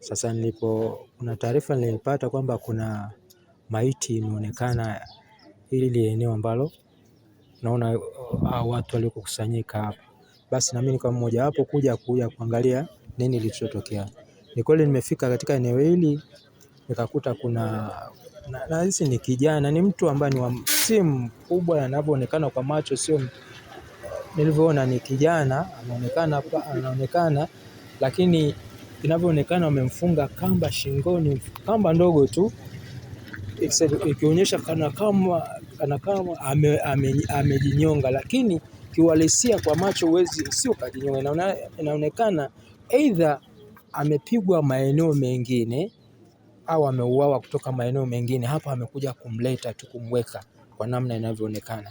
Sasa nilipo, kuna taarifa nilipata kwamba kuna maiti imeonekana. Hili ni eneo ambalo naona ah, watu waliokusanyika hapa, basi mimi nikawa mmoja wapo kuja kuja kuangalia nini kilichotokea. Ni kweli nimefika katika eneo hili nikakuta kuna nahisi na ni kijana, ni mtu ambaye ni wa, si mkubwa anavyoonekana kwa macho, sio nilivyoona ni kijana anaonekana, lakini inavyoonekana wamemfunga kamba shingoni, kamba ndogo tu ikionyesha kana kama amejinyonga, lakini kiuhalisia kwa macho huwezi, sio kajinyonga. Inaonekana aidha amepigwa maeneo mengine au ameuawa kutoka maeneo mengine, hapa amekuja kumleta tu kumweka kwa namna inavyoonekana.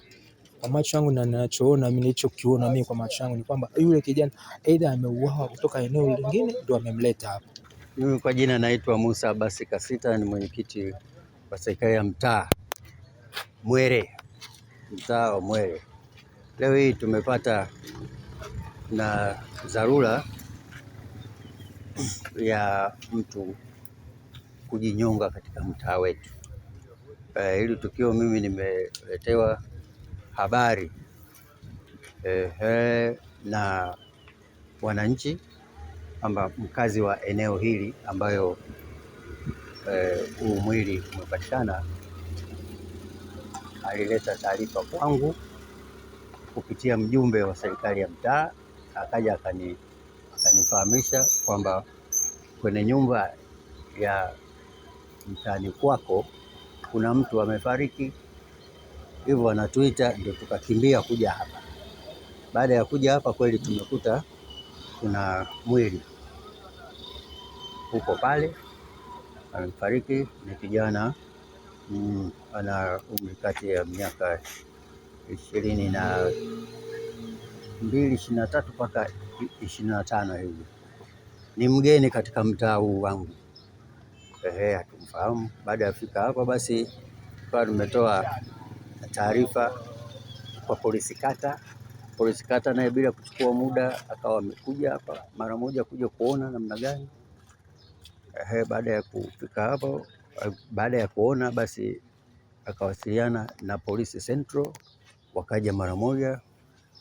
Kwa macho yangu na ninachoona mimi nilichokiona mimi kwa macho yangu ni kwamba yule kijana aidha ameuawa kutoka eneo lingine ndio amemleta hapa. Mimi kwa jina naitwa Musa Abasi Kasita, ni mwenyekiti wa serikali ya mtaa Mwere, mtaa wa Mwere. Leo hii tumepata na dharura ya mtu kujinyonga katika mtaa wetu. Eh, hili tukio mimi nimeletewa habari ehe, na wananchi kwamba mkazi wa eneo hili ambayo eh, huu e, mwili umepatikana alileta taarifa kwangu kupitia mjumbe wa serikali ya mtaa, akaja akani akanifahamisha kwamba kwenye nyumba ya mtaani kwako kuna mtu amefariki hivyo wanatuita, ndio tukakimbia kuja hapa. Baada ya kuja hapa kweli tumekuta kuna mwili huko pale, amefariki ni kijana mm, ana umri kati ya miaka ishirini na mbili ishirini na tatu mpaka ishirini na tano hivi. Ni mgeni katika mtaa huu wangu, ehe, hatumfahamu. Baada ya fika hapa, basi tukawa tumetoa taarifa kwa polisi kata. Polisi kata naye bila kuchukua muda akawa amekuja hapa mara moja kuja kuona namna gani. Ehe, baada ya kufika hapo, baada ya kuona basi akawasiliana na polisi Central, wakaja mara moja,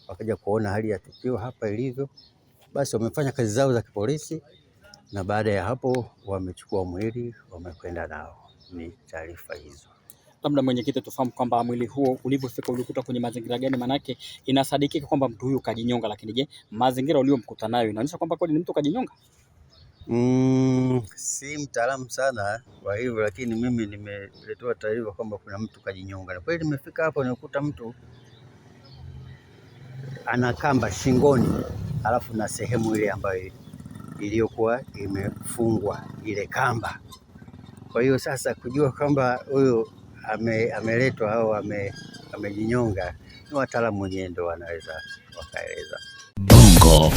wakaja kuona hali ya tukio hapa ilivyo. Basi wamefanya kazi zao za kipolisi, na baada ya hapo wamechukua mwili wamekwenda nao. Ni taarifa hizo labda mwenyekiti, tufahamu kwamba mwili huo ulivyofika ulikuta kwenye mazingira gani? Manake inasadikika kwamba mtu huyu kajinyonga, lakini je, mazingira uliyomkuta nayo inaonyesha kwamba kweli ni mtu kajinyonga? Mm, si mtaalamu sana kwa eh, hivyo, lakini mimi nimeletewa taarifa kwamba kuna mtu kajinyonga, na kweli nimefika hapo nikuta mtu ana kamba shingoni, alafu na sehemu ile ambayo iliyokuwa imefungwa ile kamba. Kwa hiyo sasa kujua kwamba huyo ame, ameletwa au ame, amejinyonga, ni wataalamu wenyewe ndo wanaweza wakaeleza. Bongo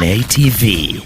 Play TV.